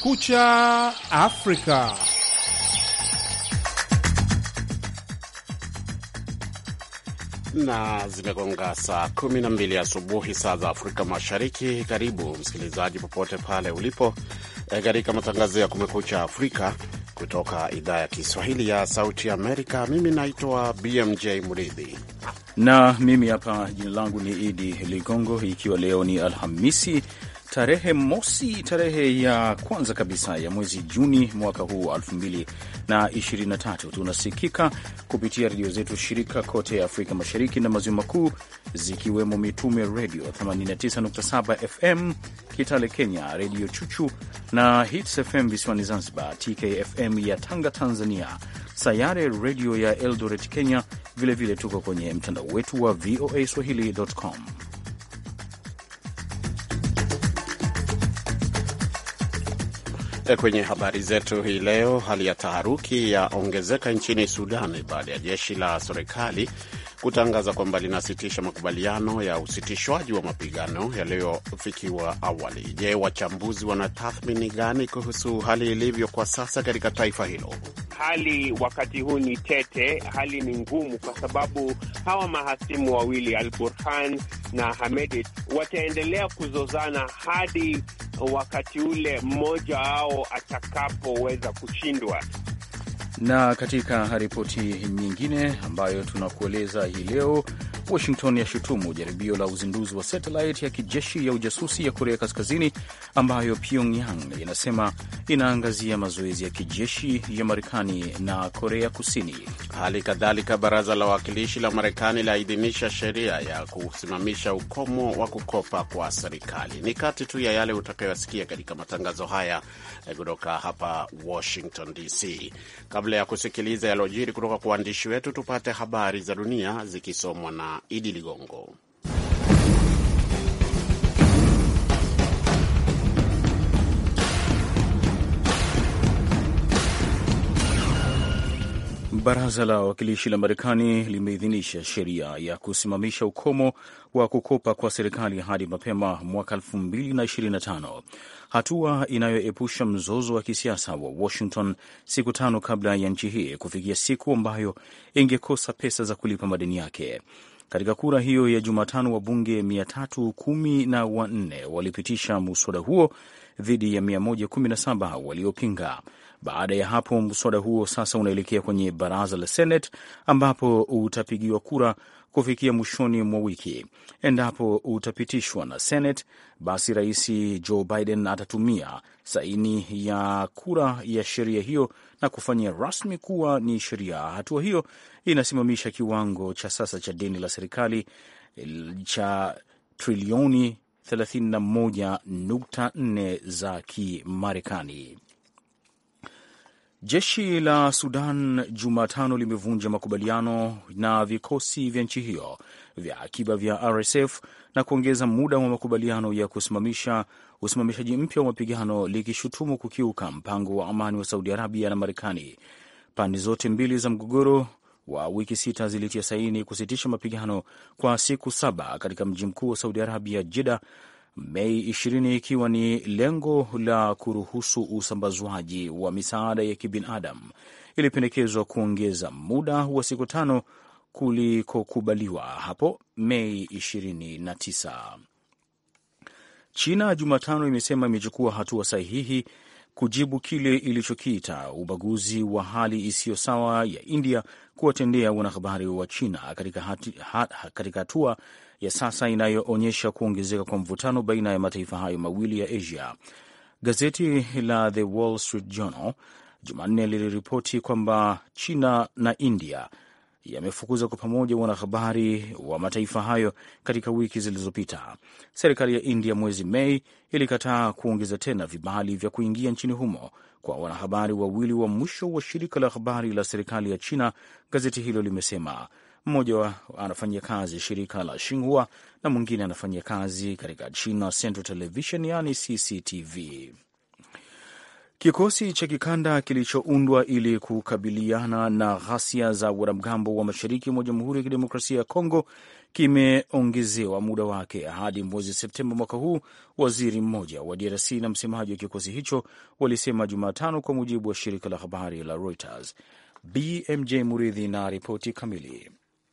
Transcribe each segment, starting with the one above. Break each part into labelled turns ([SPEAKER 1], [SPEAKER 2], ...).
[SPEAKER 1] Kumekucha Afrika.
[SPEAKER 2] na zimegonga saa mbili asubuhi saa za Afrika Mashariki. Karibu msikilizaji, popote pale ulipo eh, katika matangazo ya Kumekucha Afrika kutoka idhaa ya Kiswahili ya Sauti Amerika. Mimi naitwa BMJ Mridhi
[SPEAKER 3] na mimi hapa jina langu ni Idi Ligongo, ikiwa leo ni Alhamisi tarehe mosi, tarehe ya kwanza kabisa ya mwezi Juni mwaka huu wa 2023. Tunasikika kupitia redio zetu shirika kote Afrika Mashariki na Maziwa Makuu, zikiwemo Mitume Redio 89.7 FM Kitale Kenya, Redio Chuchu na Hits FM visiwani Zanzibar, TKFM ya Tanga Tanzania, Sayare Redio ya Eldoret Kenya. Vilevile vile tuko kwenye mtandao wetu wa VOA swahili.com
[SPEAKER 2] Kwenye habari zetu hii leo, hali ya taharuki ya ongezeka nchini Sudani baada ya jeshi la serikali kutangaza kwamba linasitisha makubaliano ya usitishwaji wa mapigano yaliyofikiwa awali. Je, wachambuzi wana tathmini gani kuhusu hali ilivyo kwa sasa katika taifa hilo?
[SPEAKER 4] Hali wakati huu ni tete, hali ni ngumu kwa sababu hawa mahasimu wawili Al Burhan na Hamedi wataendelea kuzozana hadi wakati ule mmoja wao atakapoweza kushindwa.
[SPEAKER 3] Na katika ripoti nyingine ambayo tunakueleza hii leo Washington yashutumu jaribio la uzinduzi wa satelit ya kijeshi ya ujasusi ya Korea Kaskazini ambayo Pyongyang inasema inaangazia mazoezi ya kijeshi ya Marekani na Korea Kusini. Hali kadhalika, baraza la wawakilishi la
[SPEAKER 2] Marekani laidhinisha sheria ya kusimamisha ukomo wa kukopa kwa serikali. Ni kati tu ya yale utakayoasikia katika matangazo haya eh, kutoka hapa Washington DC. Kabla ya kusikiliza yalojiri kutoka kwa waandishi wetu, tupate habari za dunia zikisomwa na Idi Ligongo.
[SPEAKER 3] Baraza la Wawakilishi la Marekani limeidhinisha sheria ya kusimamisha ukomo wa kukopa kwa serikali hadi mapema mwaka 2025, hatua inayoepusha mzozo wa kisiasa wa Washington siku tano kabla ya nchi hii kufikia siku ambayo ingekosa pesa za kulipa madeni yake. Katika kura hiyo ya Jumatano, wabunge 314 walipitisha muswada huo dhidi ya 117 waliopinga. Baada ya hapo, mswada huo sasa unaelekea kwenye baraza la Senate ambapo utapigiwa kura kufikia mwishoni mwa wiki. Endapo utapitishwa na Senate, basi Rais Joe Biden atatumia saini ya kura ya sheria hiyo na kufanyia rasmi kuwa ni sheria. Hatua hiyo inasimamisha kiwango cha sasa cha deni la serikali eh, cha trilioni 31.4 za Kimarekani. Jeshi la Sudan Jumatano limevunja makubaliano na vikosi vya nchi hiyo vya akiba vya RSF na kuongeza muda wa makubaliano ya kusimamisha usimamishaji mpya wa mapigano, likishutumu kukiuka mpango wa amani wa Saudi Arabia na Marekani. Pande zote mbili za mgogoro wa wiki sita zilitia saini kusitisha mapigano kwa siku saba katika mji mkuu wa Saudi Arabia, Jida, Mei 20 ikiwa ni lengo la kuruhusu usambazwaji wa misaada ya kibinadamu. Ilipendekezwa kuongeza muda wa siku tano kulikokubaliwa hapo Mei 29. China Jumatano imesema imechukua hatua sahihi kujibu kile ilichokiita ubaguzi wa hali isiyo sawa ya India kuwatendea wanahabari wa China katika hatua ya sasa inayoonyesha kuongezeka kwa mvutano baina ya mataifa hayo mawili ya Asia. Gazeti la The Wall Street Journal Jumanne liliripoti kwamba China na India yamefukuza kwa pamoja wanahabari wa mataifa hayo katika wiki zilizopita. Serikali ya India mwezi Mei ilikataa kuongeza tena vibali vya kuingia nchini humo kwa wanahabari wawili wa mwisho wa shirika la habari la serikali ya China, gazeti hilo limesema. Mmoja anafanyia kazi shirika la Xinhua na mwingine anafanyia kazi katika China Central Television, yani CCTV. Kikosi cha kikanda kilichoundwa ili kukabiliana na ghasia za wanamgambo wa mashariki mwa Jamhuri ya Kidemokrasia ya Kongo kimeongezewa muda wake hadi mwezi Septemba mwaka huu, waziri mmoja wa DRC na msemaji wa kikosi hicho walisema Jumatano, kwa mujibu wa shirika la habari la Reuters. BMJ Muridhi na ripoti kamili.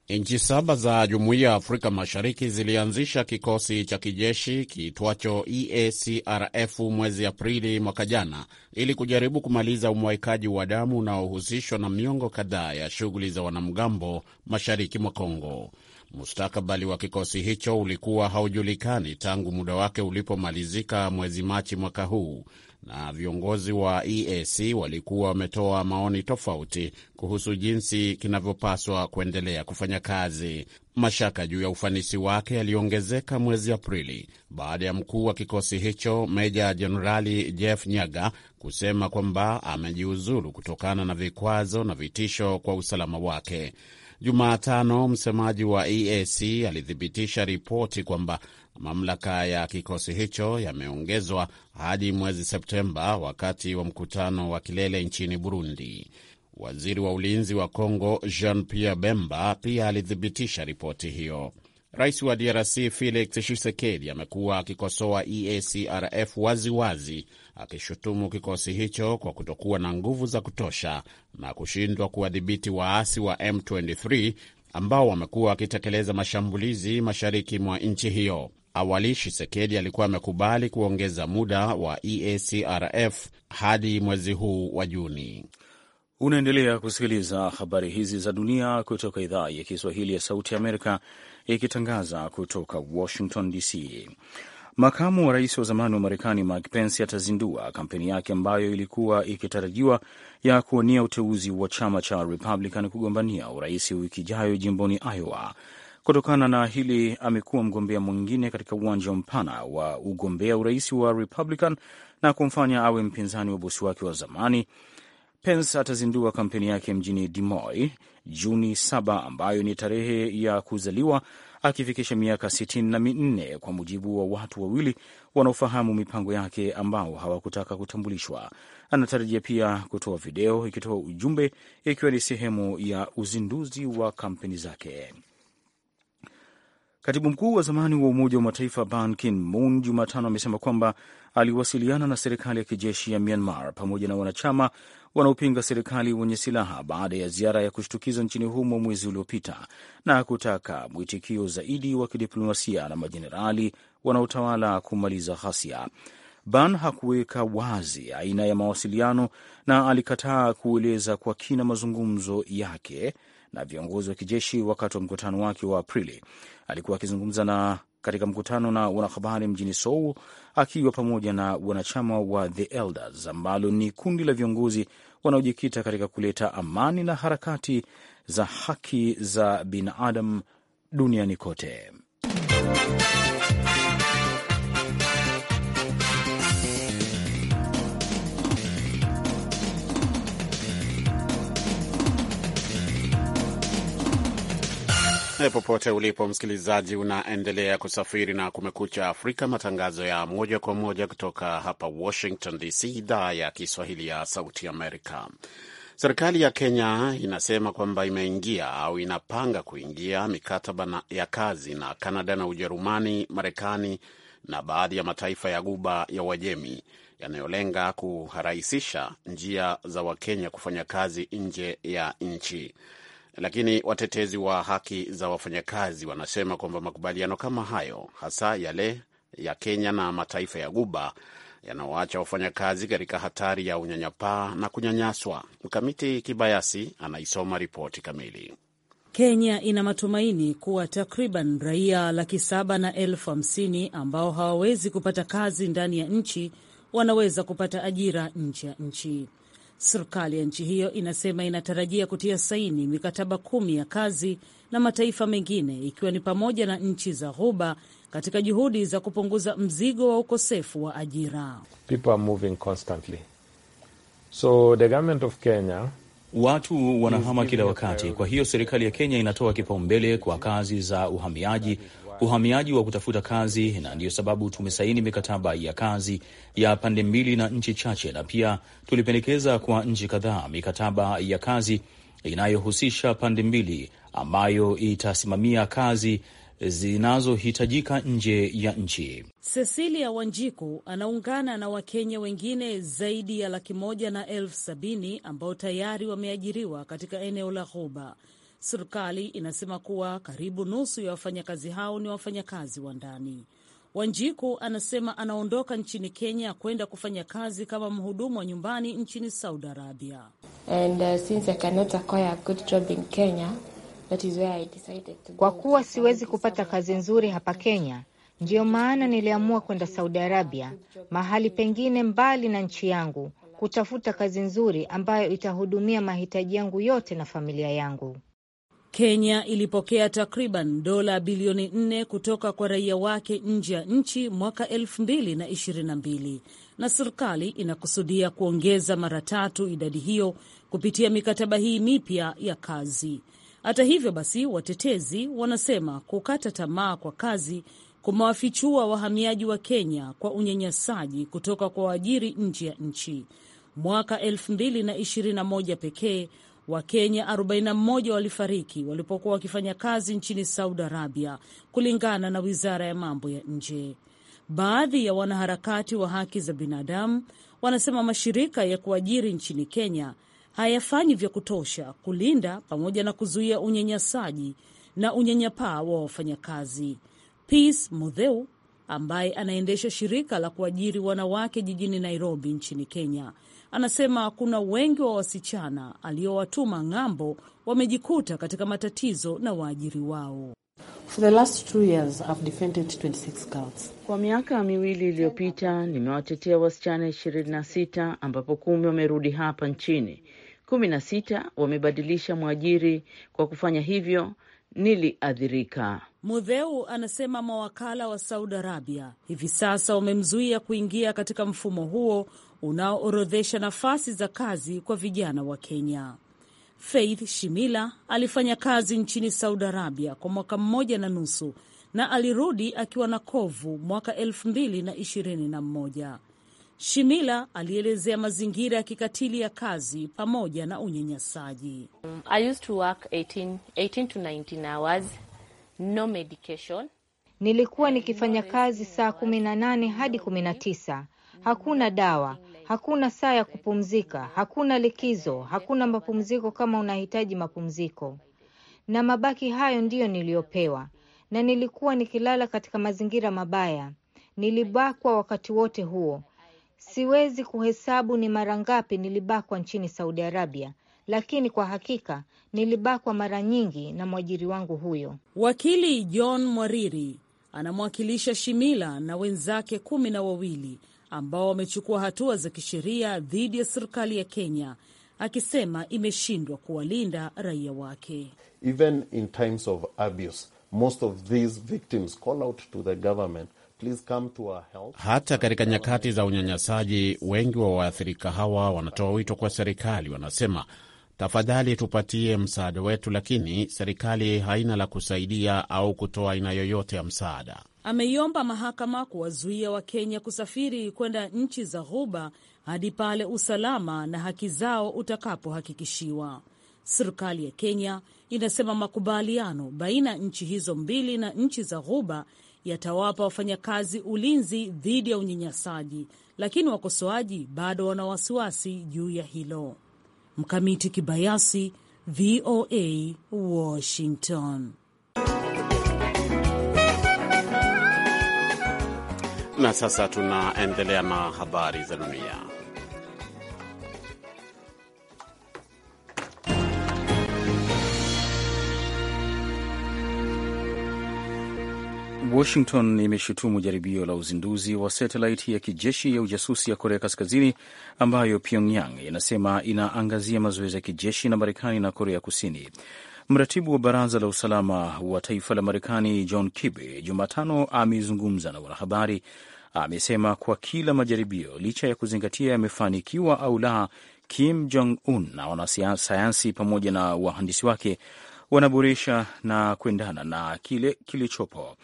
[SPEAKER 3] Nchi
[SPEAKER 2] saba za Jumuiya ya Afrika Mashariki zilianzisha kikosi cha kijeshi kiitwacho EACRF mwezi Aprili mwaka jana ili kujaribu kumaliza umwaikaji wa damu unaohusishwa na miongo kadhaa ya shughuli za wanamgambo mashariki mwa Kongo. Mustakabali wa kikosi hicho ulikuwa haujulikani tangu muda wake ulipomalizika mwezi Machi mwaka huu na viongozi wa EAC walikuwa wametoa maoni tofauti kuhusu jinsi kinavyopaswa kuendelea kufanya kazi. Mashaka juu ya ufanisi wake yaliongezeka mwezi Aprili baada ya mkuu wa kikosi hicho Meja Jenerali Jeff Nyaga kusema kwamba amejiuzulu kutokana na vikwazo na vitisho kwa usalama wake. Jumatano, msemaji wa EAC alithibitisha ripoti kwamba Mamlaka ya kikosi hicho yameongezwa hadi mwezi Septemba wakati wa mkutano wa kilele nchini Burundi. Waziri wa ulinzi wa congo Jean Pierre Bemba pia alithibitisha ripoti hiyo. Rais wa DRC Felix Tshisekedi amekuwa akikosoa EACRF waziwazi, akishutumu kikosi hicho kwa kutokuwa na nguvu za kutosha na kushindwa kuwadhibiti waasi wa M23 ambao wamekuwa wakitekeleza mashambulizi mashariki mwa nchi hiyo. Awali Shisekedi alikuwa amekubali kuongeza muda wa EACRF hadi mwezi huu wa Juni.
[SPEAKER 3] Unaendelea kusikiliza habari hizi za dunia kutoka idhaa ya Kiswahili ya Sauti ya Amerika ikitangaza kutoka Washington DC. Makamu wa rais wa zamani wa Marekani Mike Pence atazindua kampeni yake ambayo ilikuwa ikitarajiwa ya kuwania uteuzi wa chama cha Republican kugombania urais wiki ijayo jimboni Iowa. Kutokana na hili, amekuwa mgombea mwingine katika uwanja mpana wa ugombea urais wa Republican na kumfanya awe mpinzani wa bosi wake wa zamani. Pence atazindua kampeni yake mjini Des Moines Juni 7 ambayo ni tarehe ya kuzaliwa akifikisha miaka sitini na minne kwa mujibu wa watu wawili wanaofahamu mipango yake ambao hawakutaka kutambulishwa. Anatarajia pia kutoa video ikitoa ujumbe ikiwa ni sehemu ya uzinduzi wa kampeni zake. Katibu mkuu wa zamani wa Umoja wa Mataifa Ban Ki-moon Jumatano amesema kwamba aliwasiliana na serikali ya kijeshi ya Myanmar pamoja na wanachama wanaopinga serikali wenye silaha baada ya ziara ya kushtukiza nchini humo mwezi uliopita na kutaka mwitikio zaidi wa kidiplomasia na majenerali wanaotawala kumaliza ghasia. Ban hakuweka wazi aina ya mawasiliano na alikataa kueleza kwa kina mazungumzo yake na viongozi wa kijeshi wakati wa mkutano wake wa Aprili. Alikuwa akizungumza na katika mkutano na wanahabari mjini Seoul akiwa pamoja na wanachama wa The Elders ambalo ni kundi la viongozi wanaojikita katika kuleta amani na harakati za haki za binadamu duniani kote.
[SPEAKER 2] Eh, popote ulipo msikilizaji, unaendelea kusafiri na Kumekucha Afrika, matangazo ya moja kwa moja kutoka hapa Washington DC, idhaa ya Kiswahili ya Sauti Amerika. Serikali ya Kenya inasema kwamba imeingia au inapanga kuingia mikataba na, ya kazi na Kanada na Ujerumani, Marekani na baadhi ya mataifa ya guba ya Uajemi yanayolenga kurahisisha njia za Wakenya kufanya kazi nje ya nchi. Lakini watetezi wa haki za wafanyakazi wanasema kwamba makubaliano kama hayo, hasa yale ya Kenya na mataifa ya Guba, yanaoacha wafanyakazi katika hatari ya unyanyapaa na kunyanyaswa. Mkamiti Kibayasi anaisoma ripoti kamili.
[SPEAKER 5] Kenya ina matumaini kuwa takriban raia laki saba na elfu hamsini ambao hawawezi kupata kazi ndani ya nchi wanaweza kupata ajira nje ya nchi. Serikali ya nchi hiyo inasema inatarajia kutia saini mikataba kumi ya kazi na mataifa mengine ikiwa ni pamoja na nchi za Ghuba katika juhudi za kupunguza mzigo wa ukosefu wa ajira.
[SPEAKER 4] So the government of
[SPEAKER 2] Kenya,
[SPEAKER 3] watu wanahama kila wakati. Kwa hiyo serikali ya Kenya inatoa kipaumbele kwa kazi za uhamiaji, uhamiaji wa kutafuta kazi, na ndiyo sababu tumesaini mikataba ya kazi ya pande mbili na nchi chache, na pia tulipendekeza kwa nchi kadhaa mikataba ya kazi inayohusisha pande mbili ambayo itasimamia kazi zinazohitajika nje ya nchi.
[SPEAKER 5] Cecilia Wanjiku anaungana na Wakenya wengine zaidi ya laki moja na elfu sabini ambao tayari wameajiriwa katika eneo la Ghuba Serikali inasema kuwa karibu nusu ya wafanyakazi hao ni wafanyakazi wa ndani. Wanjiku anasema anaondoka nchini Kenya kwenda kufanya kazi kama mhudumu wa nyumbani nchini Saudi Arabia.
[SPEAKER 6] And, uh, kwa kuwa siwezi kupata kazi nzuri hapa Kenya, ndiyo maana niliamua kwenda Saudi Arabia, mahali pengine mbali na nchi yangu, kutafuta kazi nzuri ambayo itahudumia mahitaji yangu yote na familia yangu.
[SPEAKER 5] Kenya ilipokea takriban dola bilioni nne kutoka kwa raia wake nje ya nchi mwaka elfu mbili na ishirini na mbili na serikali inakusudia kuongeza mara tatu idadi hiyo kupitia mikataba hii mipya ya kazi. Hata hivyo basi, watetezi wanasema kukata tamaa kwa kazi kumewafichua wahamiaji wa Kenya kwa unyanyasaji kutoka kwa waajiri nje ya nchi. Mwaka 2021 pekee Wakenya 41 walifariki walipokuwa wakifanya kazi nchini Saudi Arabia, kulingana na wizara ya mambo ya nje. Baadhi ya wanaharakati wa haki za binadamu wanasema mashirika ya kuajiri nchini Kenya hayafanyi vya kutosha kulinda pamoja na kuzuia unyanyasaji na unyanyapaa wa wafanyakazi. Peace mudheu ambaye anaendesha shirika la kuajiri wanawake jijini Nairobi nchini Kenya Anasema kuna wengi wa wasichana aliowatuma ng'ambo wamejikuta katika matatizo na waajiri wao. For the last two years, I've defended 26 girls. Kwa miaka miwili iliyopita nimewatetea wasichana 26 ambapo kumi wamerudi hapa nchini, kumi na sita wamebadilisha mwajiri. Kwa kufanya hivyo niliathirika. Mudheu anasema mawakala wa Saudi Arabia hivi sasa wamemzuia kuingia katika mfumo huo unaoorodhesha nafasi za kazi kwa vijana wa Kenya. Faith Shimila alifanya kazi nchini Saudi Arabia kwa mwaka mmoja na nusu na alirudi akiwa na kovu mwaka elfu Shimila alielezea mazingira ya kikatili ya kazi pamoja na unyanyasaji.
[SPEAKER 6] Nilikuwa nikifanya kazi saa kumi na hadi kumi hakuna dawa, hakuna saa ya kupumzika, hakuna likizo, hakuna mapumziko kama unahitaji mapumziko. Na mabaki hayo ndiyo niliyopewa, na nilikuwa nikilala katika mazingira mabaya. Nilibakwa wakati wote huo. Siwezi kuhesabu ni mara ngapi nilibakwa nchini Saudi Arabia, lakini kwa hakika nilibakwa mara nyingi na mwajiri wangu huyo.
[SPEAKER 5] Wakili John Mwariri anamwakilisha Shimila na wenzake kumi na wawili ambao wamechukua hatua za kisheria dhidi ya serikali ya Kenya, akisema imeshindwa kuwalinda raia wake.
[SPEAKER 2] Even in times of abuse, most of these victims call out to the government hata katika nyakati za unyanyasaji, wengi wa waathirika hawa wanatoa wito kwa serikali, wanasema Tafadhali tupatie msaada wetu, lakini serikali haina la kusaidia au kutoa aina yoyote ya msaada.
[SPEAKER 5] Ameiomba mahakama kuwazuia Wakenya kusafiri kwenda nchi za Ghuba hadi pale usalama na haki zao utakapohakikishiwa. Serikali ya Kenya inasema makubaliano baina ya nchi hizo mbili na nchi za Ghuba yatawapa wafanyakazi ulinzi dhidi ya unyanyasaji, lakini wakosoaji bado wana wasiwasi juu ya hilo. Mkamiti Kibayasi, VOA Washington.
[SPEAKER 2] Na sasa tunaendelea na habari za dunia.
[SPEAKER 3] Washington imeshutumu jaribio la uzinduzi wa satelaiti ya kijeshi ya ujasusi ya Korea Kaskazini ambayo Pyongyang inasema inaangazia mazoezi ya kijeshi na Marekani na Korea Kusini. Mratibu wa baraza la usalama wa taifa la Marekani John Kirby Jumatano amezungumza na wanahabari, amesema kwa kila majaribio, licha ya kuzingatia yamefanikiwa au la, Kim Jong Un na wanasayansi pamoja na wahandisi wake wanaboresha na kuendana na kile kilichopo.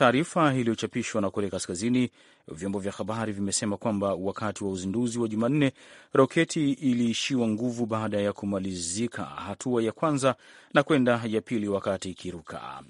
[SPEAKER 3] Taarifa iliyochapishwa na Korea Kaskazini, vyombo vya habari vimesema kwamba wakati wa uzinduzi wa Jumanne, roketi iliishiwa nguvu baada ya kumalizika hatua ya kwanza na kwenda ya pili wakati ikiruka.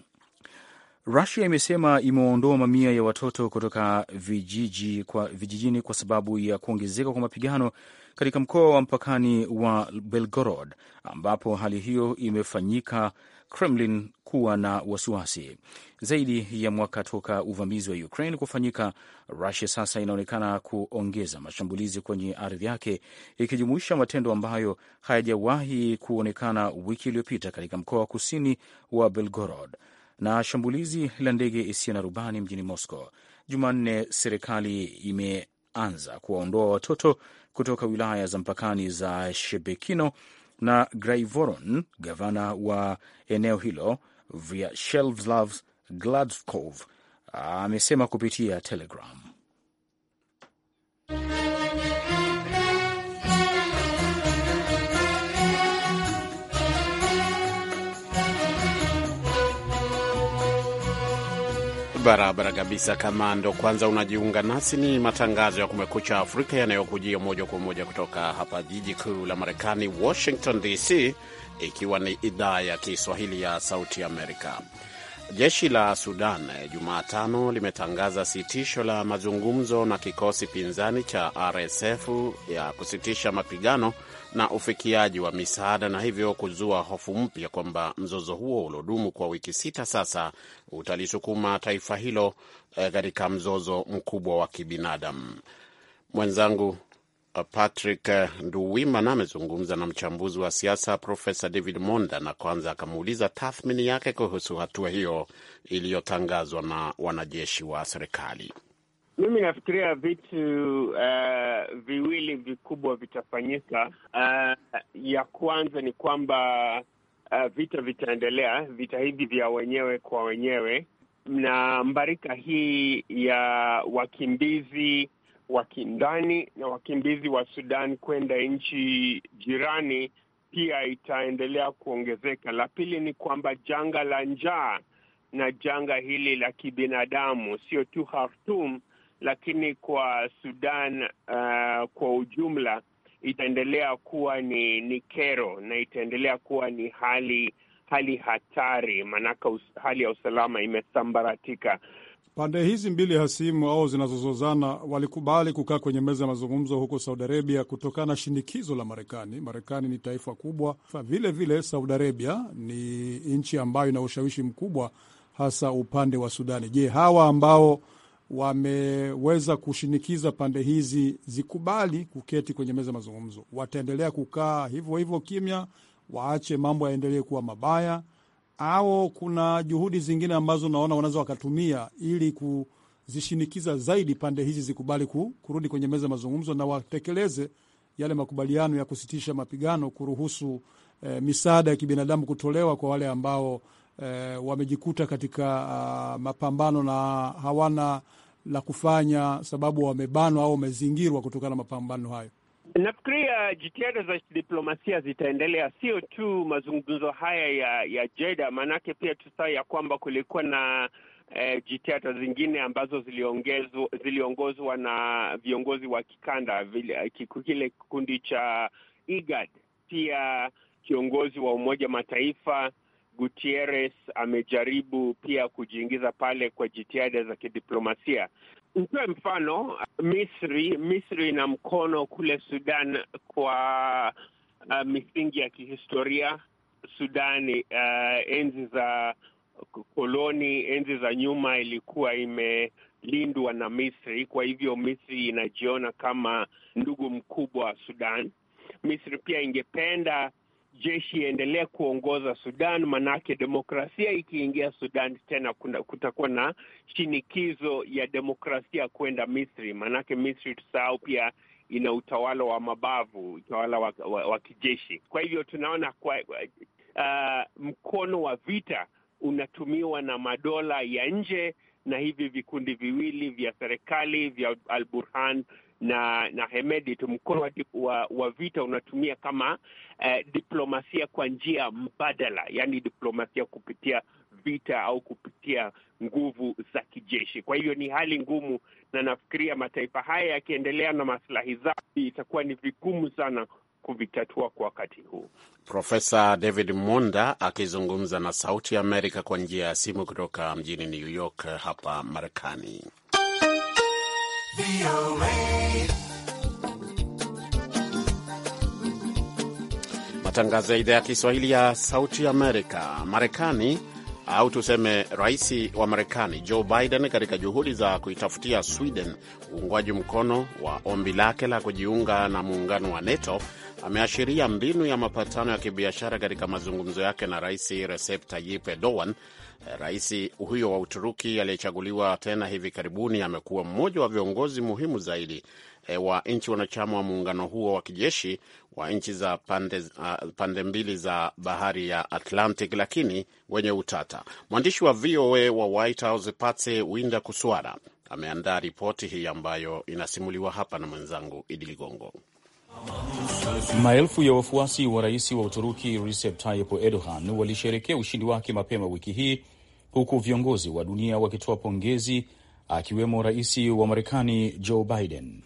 [SPEAKER 3] Rusia imesema imewaondoa mamia ya watoto kutoka vijiji kwa, vijijini kwa sababu ya kuongezeka kwa mapigano katika mkoa wa mpakani wa Belgorod ambapo hali hiyo imefanyika Kremlin kuwa na wasiwasi zaidi ya mwaka toka uvamizi wa Ukraine kufanyika. Rusia sasa inaonekana kuongeza mashambulizi kwenye ardhi yake, ikijumuisha matendo ambayo hayajawahi kuonekana wiki iliyopita katika mkoa wa kusini wa Belgorod na shambulizi la ndege isiyo na rubani mjini Moscow. Jumanne, serikali imeanza kuwaondoa watoto kutoka wilaya za mpakani za Shebekino na Graivoron, gavana wa eneo hilo Vyacheslav Gladkov amesema kupitia Telegram.
[SPEAKER 2] Barabara kabisa. Kama ndo kwanza unajiunga nasi, ni matangazo ya Kumekucha Afrika yanayokujia moja kwa moja kutoka hapa jiji kuu la Marekani, Washington DC, ikiwa ni idhaa ya Kiswahili ya Sauti Amerika. Jeshi la Sudan Jumatano limetangaza sitisho la mazungumzo na kikosi pinzani cha RSF ya kusitisha mapigano na ufikiaji wa misaada na hivyo kuzua hofu mpya kwamba mzozo huo uliodumu kwa wiki sita sasa utalisukuma taifa hilo eh, katika mzozo mkubwa wa kibinadamu. Mwenzangu eh, Patrick eh, Nduwimana amezungumza na mchambuzi wa siasa Profesa David Monda na kwanza akamuuliza tathmini yake kuhusu hatua hiyo iliyotangazwa na wanajeshi wa serikali.
[SPEAKER 4] Mimi nafikiria vitu uh, viwili vikubwa vitafanyika. Uh, ya kwanza ni kwamba uh, vita vitaendelea, vita hivi vya wenyewe kwa wenyewe, na mbarika hii ya wakimbizi wa kindani na wakimbizi wa Sudan kwenda nchi jirani pia itaendelea kuongezeka. La pili ni kwamba janga la njaa na janga hili la kibinadamu sio tu Khartoum lakini kwa Sudan uh, kwa ujumla itaendelea kuwa ni ni kero na itaendelea kuwa ni hali hali hatari, maanake hali ya usalama imesambaratika.
[SPEAKER 1] Pande hizi mbili hasimu au zinazozozana walikubali kukaa kwenye meza ya mazungumzo huko Saudi Arabia kutokana na shinikizo la Marekani. Marekani ni taifa kubwa, vilevile vile Saudi Arabia ni nchi ambayo ina ushawishi mkubwa, hasa upande wa Sudani. Je, hawa ambao wameweza kushinikiza pande hizi zikubali kuketi kwenye meza mazungumzo. Wataendelea kukaa hivyo hivyo kimya, waache mambo yaendelee kuwa mabaya, au kuna juhudi zingine ambazo naona wanaweza wakatumia ili kuzishinikiza zaidi pande hizi zikubali kurudi kwenye meza mazungumzo na watekeleze yale makubaliano ya kusitisha mapigano, kuruhusu eh, misaada ya kibinadamu kutolewa kwa wale ambao eh, wamejikuta katika uh, mapambano na hawana la kufanya, sababu wamebanwa au wamezingirwa kutokana na mapambano hayo.
[SPEAKER 4] Nafikiria ah, jitihada za diplomasia zitaendelea, sio tu mazungumzo haya ya ya Jeda, maanake pia tusaa ya kwamba kulikuwa na eh, jitihada zingine ambazo ziliongozwa na viongozi wa kikanda vile, eh, kile kikundi cha IGAD, pia kiongozi wa Umoja Mataifa Gutierrez amejaribu pia kujiingiza pale kwa jitihada za kidiplomasia. Nitoe mfano Misri. Misri ina mkono kule Sudan kwa uh, misingi ya kihistoria. Sudani uh, enzi za koloni, enzi za nyuma ilikuwa imelindwa na Misri. Kwa hivyo Misri inajiona kama ndugu mkubwa wa Sudan. Misri pia ingependa jeshi iendelee kuongoza Sudan, manake demokrasia ikiingia Sudan tena kuna, kutakuwa na shinikizo ya demokrasia kwenda Misri, manake Misri tusahau pia ina utawala wa mabavu, utawala wa, wa, wa kijeshi. Kwa hivyo tunaona kwa, uh, mkono wa vita unatumiwa na madola ya nje na hivi vikundi viwili vya serikali vya Al Burhan na na Hemedi tu mkono wa, wa, wa vita unatumia kama eh, diplomasia kwa njia mbadala, yaani diplomasia kupitia vita au kupitia nguvu za kijeshi. Kwa hivyo ni hali ngumu, na nafikiria mataifa haya yakiendelea na maslahi zao itakuwa ni vigumu sana kuvitatua kwa wakati huu.
[SPEAKER 2] Profesa David Monda akizungumza na Sauti ya Amerika kwa njia ya simu kutoka mjini New York hapa Marekani. Matangazo ya idhaa ya Kiswahili ya Sauti Amerika. Marekani au tuseme rais wa Marekani Joe Biden katika juhudi za kuitafutia Sweden uungwaji mkono wa ombi lake la kujiunga na muungano wa NATO ameashiria mbinu ya mapatano ya kibiashara katika mazungumzo yake na Rais Recep Tayyip Erdogan. Rais huyo wa Uturuki aliyechaguliwa tena hivi karibuni amekuwa mmoja wa viongozi muhimu zaidi e, wa nchi wanachama wa muungano huo wa kijeshi wa nchi za pande, pande mbili za bahari ya Atlantic, lakini wenye utata. Mwandishi wa VOA wa White House Patse Winda Kuswara ameandaa ripoti hii ambayo inasimuliwa hapa na mwenzangu Idi Ligongo.
[SPEAKER 3] Maelfu ya wafuasi wa rais wa Uturuki Recep Tayyip Erdogan walisherekea ushindi wake mapema wiki hii huku viongozi wa dunia wakitoa pongezi, akiwemo rais wa Marekani Joe Biden.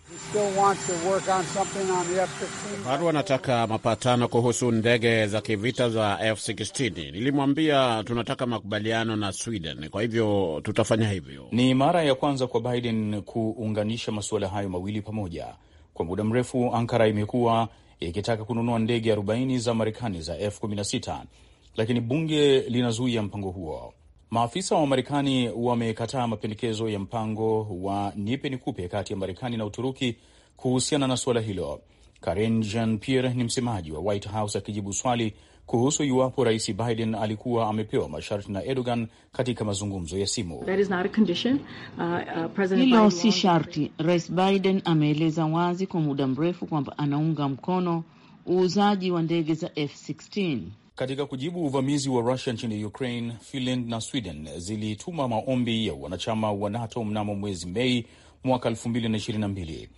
[SPEAKER 2] Bado wanataka mapatano kuhusu ndege za kivita za F16. Nilimwambia tunataka makubaliano na Sweden,
[SPEAKER 3] kwa hivyo tutafanya hivyo. Ni mara ya kwanza kwa Biden kuunganisha masuala hayo mawili pamoja. Kwa muda mrefu Ankara imekuwa ikitaka kununua ndege 40 za Marekani za F16 lakini bunge linazuia mpango huo. Maafisa wa Marekani wamekataa mapendekezo ya mpango wa nipe nikupe kati ya Marekani na Uturuki kuhusiana na suala hilo. Karen Jean Pierre ni msemaji wa White House akijibu swali kuhusu iwapo Rais Biden alikuwa amepewa masharti na Erdogan katika mazungumzo ya simu. Uh,
[SPEAKER 5] uh, Hilo si sharti. Rais Biden ameeleza wazi kwa muda mrefu kwamba anaunga mkono uuzaji wa ndege za F16.
[SPEAKER 3] Katika kujibu uvamizi wa Rusia nchini Ukraine, Finland na Sweden zilituma maombi ya wanachama wa NATO mnamo mwezi Mei mwaka 2022.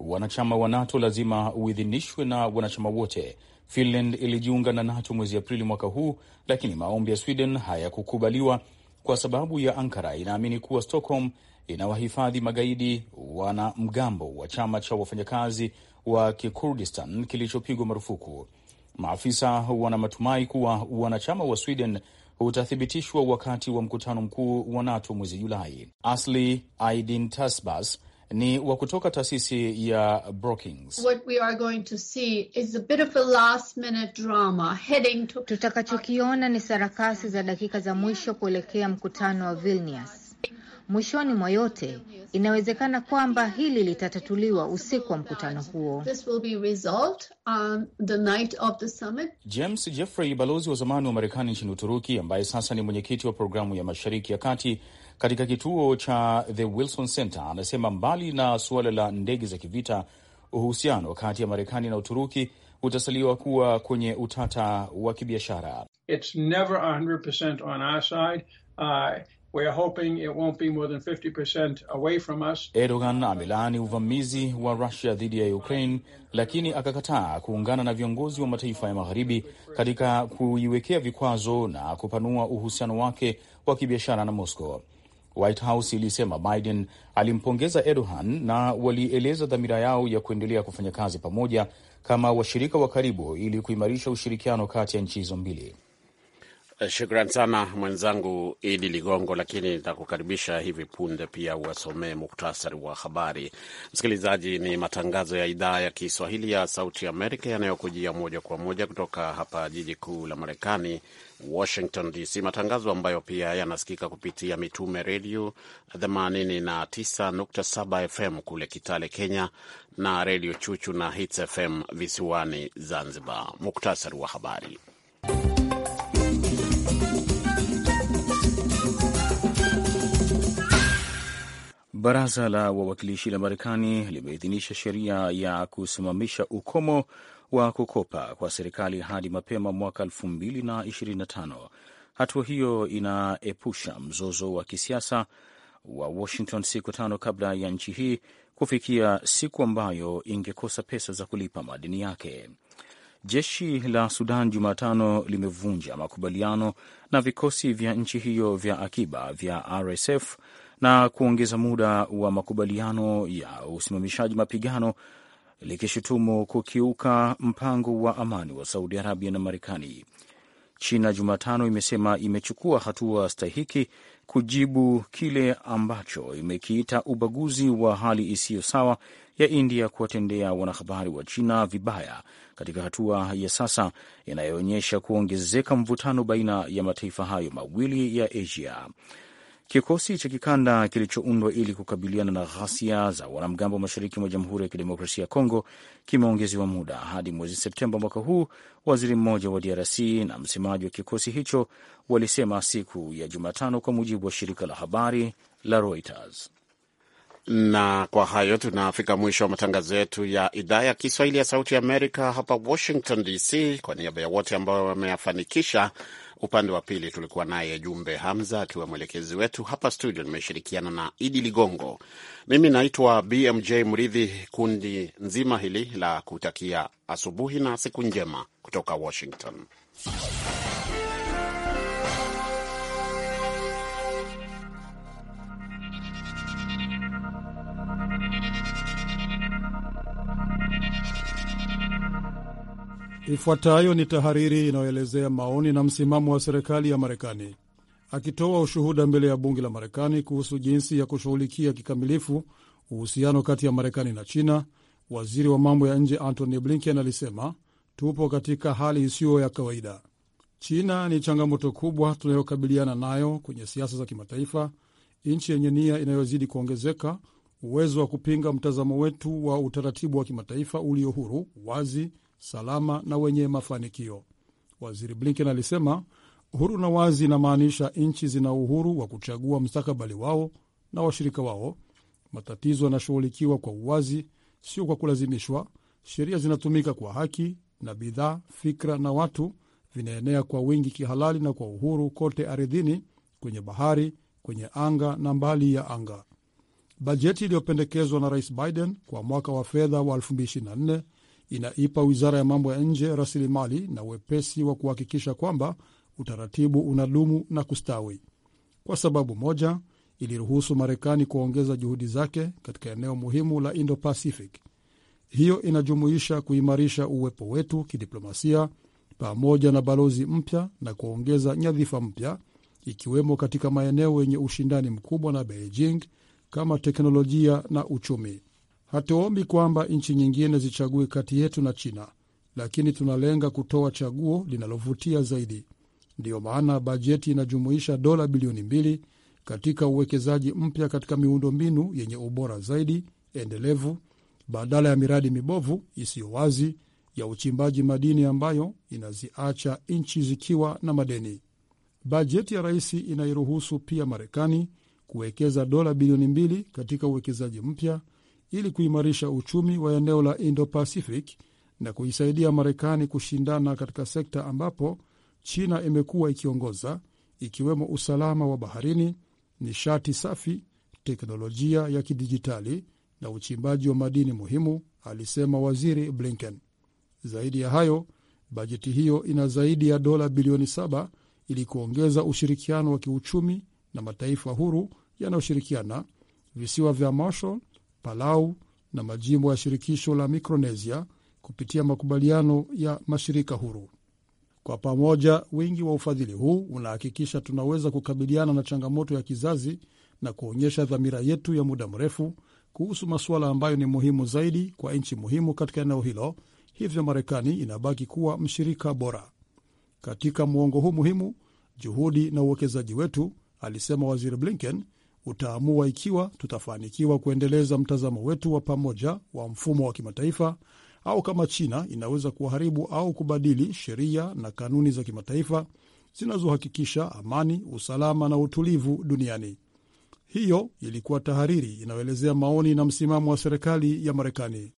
[SPEAKER 3] Wanachama wa NATO lazima uidhinishwe na wanachama wote. Finland ilijiunga na NATO mwezi Aprili mwaka huu, lakini maombi ya Sweden hayakukubaliwa kwa sababu ya Ankara inaamini kuwa Stockholm inawahifadhi magaidi wanamgambo wa chama cha wafanyakazi wa Kikurdistan kilichopigwa marufuku. Maafisa wana matumai kuwa wanachama wa Sweden utathibitishwa wakati wa mkutano mkuu wa NATO mwezi Julai. Asli Aidin Tasbas ni wa kutoka taasisi ya Brookings.
[SPEAKER 6] Tutakachokiona ni sarakasi za dakika za mwisho kuelekea mkutano wa Vilnius. Mwishoni mwa yote, inawezekana kwamba hili litatatuliwa usiku wa mkutano huo.
[SPEAKER 3] James Jeffrey, balozi wa zamani wa Marekani nchini Uturuki, ambaye sasa ni mwenyekiti wa programu ya Mashariki ya Kati katika kituo cha The Wilson Center anasema mbali na suala la ndege za kivita, uhusiano kati ya Marekani na Uturuki utasaliwa kuwa kwenye utata wa kibiashara. Erdogan amelaani uvamizi wa Rusia dhidi ya Ukraine, lakini akakataa kuungana na viongozi wa mataifa ya magharibi katika kuiwekea vikwazo na kupanua uhusiano wake wa kibiashara na Moscow. White House ilisema Biden alimpongeza Erdogan na walieleza dhamira yao ya kuendelea kufanya kazi pamoja kama washirika wa karibu ili kuimarisha ushirikiano kati ya nchi hizo mbili.
[SPEAKER 2] Eh, shukran sana mwenzangu Idi Ligongo, lakini nitakukaribisha hivi punde pia uwasomee muktasari wa habari. Msikilizaji, ni matangazo ya idhaa ya Kiswahili ya Sauti Amerika yanayokujia moja kwa moja kutoka hapa jiji kuu la Marekani, Washington DC, matangazo ambayo pia yanasikika kupitia Mitume Redio 89.7 FM kule Kitale, Kenya, na Redio Chuchu na Hits FM visiwani Zanzibar. Muktasari wa habari
[SPEAKER 3] Baraza la Wawakilishi la Marekani limeidhinisha sheria ya kusimamisha ukomo wa kukopa kwa serikali hadi mapema mwaka 2025. Hatua hiyo inaepusha mzozo wa kisiasa wa Washington siku tano kabla ya nchi hii kufikia siku ambayo ingekosa pesa za kulipa madeni yake. Jeshi la Sudan Jumatano limevunja makubaliano na vikosi vya nchi hiyo vya akiba vya RSF na kuongeza muda wa makubaliano ya usimamishaji mapigano likishutumu kukiuka mpango wa amani wa Saudi Arabia na Marekani. China Jumatano imesema imechukua hatua stahiki kujibu kile ambacho imekiita ubaguzi wa hali isiyo sawa ya India kuwatendea wanahabari wa China vibaya katika hatua ya sasa inayoonyesha kuongezeka mvutano baina ya mataifa hayo mawili ya Asia. Kikosi cha kikanda kilichoundwa ili kukabiliana na ghasia za wanamgambo mashariki mwa Jamhuri ya Kidemokrasia ya Kongo kimeongezewa muda hadi mwezi Septemba mwaka huu, waziri mmoja wa DRC na msemaji wa kikosi hicho walisema siku ya Jumatano, kwa mujibu wa shirika la habari la Reuters. Na kwa hayo tunafika mwisho
[SPEAKER 2] wa matangazo yetu ya idhaa ya Kiswahili ya Sauti ya Amerika hapa Washington DC. Kwa niaba ya wote ambao wameyafanikisha Upande wa pili tulikuwa naye Jumbe Hamza akiwa mwelekezi wetu hapa studio. Nimeshirikiana na Idi Ligongo. Mimi naitwa BMJ Mridhi. Kundi nzima hili la kutakia asubuhi na siku njema kutoka Washington.
[SPEAKER 1] Ifuatayo ni tahariri inayoelezea maoni na msimamo wa serikali ya Marekani. Akitoa ushuhuda mbele ya bunge la Marekani kuhusu jinsi ya kushughulikia kikamilifu uhusiano kati ya Marekani na China, waziri wa mambo ya nje Antony Blinken alisema tupo katika hali isiyo ya kawaida. China ni changamoto kubwa tunayokabiliana nayo kwenye siasa za kimataifa, nchi yenye nia inayozidi kuongezeka, uwezo wa kupinga mtazamo wetu wa utaratibu wa kimataifa ulio huru, wazi salama na wenye mafanikio. Waziri Blinken alisema uhuru na wazi inamaanisha nchi zina uhuru wa kuchagua mstakabali wao na washirika wao. Matatizo yanashughulikiwa kwa uwazi, sio kwa kulazimishwa. Sheria zinatumika kwa haki na bidhaa, fikra na watu vinaenea kwa wingi kihalali na kwa uhuru kote ardhini, kwenye bahari, kwenye anga na mbali ya anga. Bajeti iliyopendekezwa na Rais Biden kwa mwaka wa fedha wa inaipa wizara ya mambo ya nje rasilimali na wepesi wa kuhakikisha kwamba utaratibu unadumu na kustawi. Kwa sababu moja, iliruhusu Marekani kuongeza juhudi zake katika eneo muhimu la Indo-Pacific. Hiyo inajumuisha kuimarisha uwepo wetu kidiplomasia pamoja na balozi mpya na kuongeza nyadhifa mpya ikiwemo katika maeneo yenye ushindani mkubwa na Beijing kama teknolojia na uchumi. Hatuombi kwamba nchi nyingine zichague kati yetu na China, lakini tunalenga kutoa chaguo linalovutia zaidi. Ndiyo maana bajeti inajumuisha dola bilioni mbili katika uwekezaji mpya katika miundombinu yenye ubora zaidi endelevu, badala ya miradi mibovu isiyo wazi ya uchimbaji madini ambayo inaziacha nchi zikiwa na madeni. Bajeti ya rais inairuhusu pia Marekani kuwekeza dola bilioni mbili katika uwekezaji mpya ili kuimarisha uchumi wa eneo la Indo-Pacific na kuisaidia Marekani kushindana katika sekta ambapo China imekuwa ikiongoza, ikiwemo usalama wa baharini, nishati safi, teknolojia ya kidijitali na uchimbaji wa madini muhimu, alisema Waziri Blinken. Zaidi ya hayo, bajeti hiyo ina zaidi ya dola bilioni saba ili kuongeza ushirikiano wa kiuchumi na mataifa huru yanayoshirikiana, visiwa vya Marshall Palau na majimbo ya shirikisho la Mikronesia kupitia makubaliano ya mashirika huru. Kwa pamoja, wingi wa ufadhili huu unahakikisha tunaweza kukabiliana na changamoto ya kizazi na kuonyesha dhamira yetu ya muda mrefu kuhusu masuala ambayo ni muhimu zaidi kwa nchi muhimu katika eneo hilo. Hivyo Marekani inabaki kuwa mshirika bora katika mwongo huu muhimu, juhudi na uwekezaji wetu, alisema Waziri Blinken utaamua ikiwa tutafanikiwa kuendeleza mtazamo wetu wa pamoja wa mfumo wa kimataifa au kama China inaweza kuharibu au kubadili sheria na kanuni za kimataifa zinazohakikisha amani, usalama na utulivu duniani. Hiyo ilikuwa tahariri inayoelezea maoni na msimamo wa serikali ya Marekani.